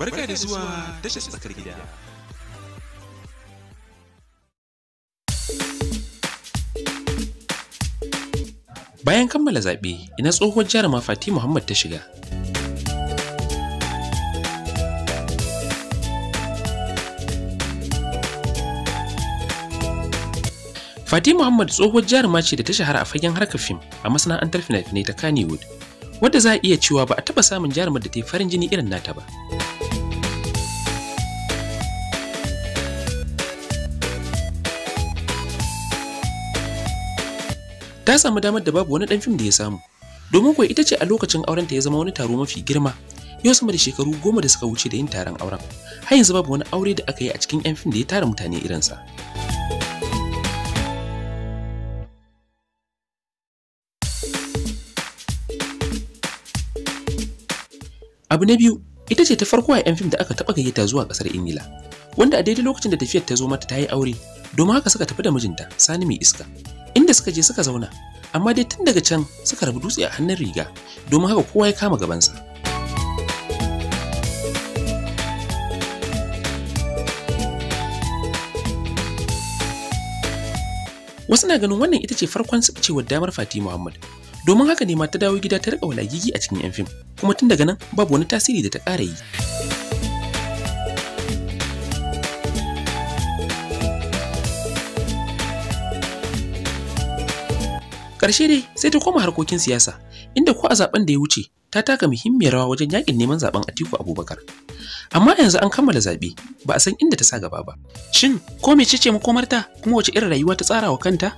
Barka da zuwa tashar tsakar gida. Bayan kammala zaɓe, ina tsohuwar jaruma Fati Muhammad ta shiga. Fati Muhammad tsohuwar jaruma ce da ta shahara a fagen harkar fim a masana'antar fina-finai ta Kannywood, wadda za a iya cewa ba a taɓa samun jarumar da ta yi farin jini irin nata ba. ta samu damar da babu wani dan fim da ya samu domin kuwa ita ce a lokacin auren aurenta ya zama wani taro mafi girma yau sama da shekaru goma da suka wuce da yin taron auren har yanzu babu wani aure da aka yi a cikin yan fim da ya tara mutane irinsa abu na biyu ita ce ta farko a yan fim da aka taɓa gayyata zuwa ƙasar ingila wanda a daidai lokacin da tafiyar ta zo mata ta yi aure domin haka suka tafi da mijinta sani mai iska inda suka je suka zauna amma dai tun daga can suka rabu dutse a hannun riga domin haka kowa ya kama gabansa wasu na ganin wannan ita ce farkon cewar damar fati muhammad domin haka ne ma ta dawo gida ta riƙa walagigi a cikin yan fim kuma tun daga nan babu wani tasiri da ta ƙara yi Ƙarshe dai sai ta koma harkokin siyasa, inda ko a zaben da ya wuce ta taka muhimmiyar rawa wajen yakin neman zaben Atiku Abubakar. Amma yanzu an kammala zaɓe, ba a san inda ta sa gaba ba. Shin ko mece ce makomarta kuma wace irin rayuwa ta tsara wa kanta?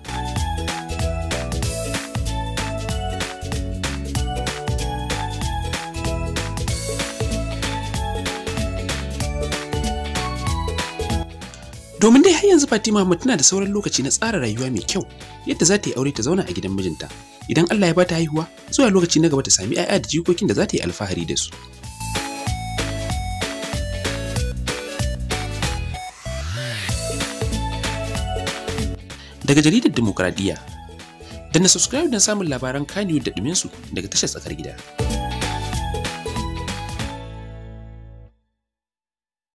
domin dai har yanzu Fatima mu tana da sauran lokaci na tsara rayuwa mai kyau yadda za ta yi aure ta zauna a gidan mijinta idan Allah ya bata haihuwa zuwa lokaci na gaba ta sami 'ya'ya da jikokin da za ta yi alfahari da su. Daga jaridar Dimokuraɗiyya, da na subscribe don samun labaran kaniyu da ɗuminsu daga tashar tsakar gida.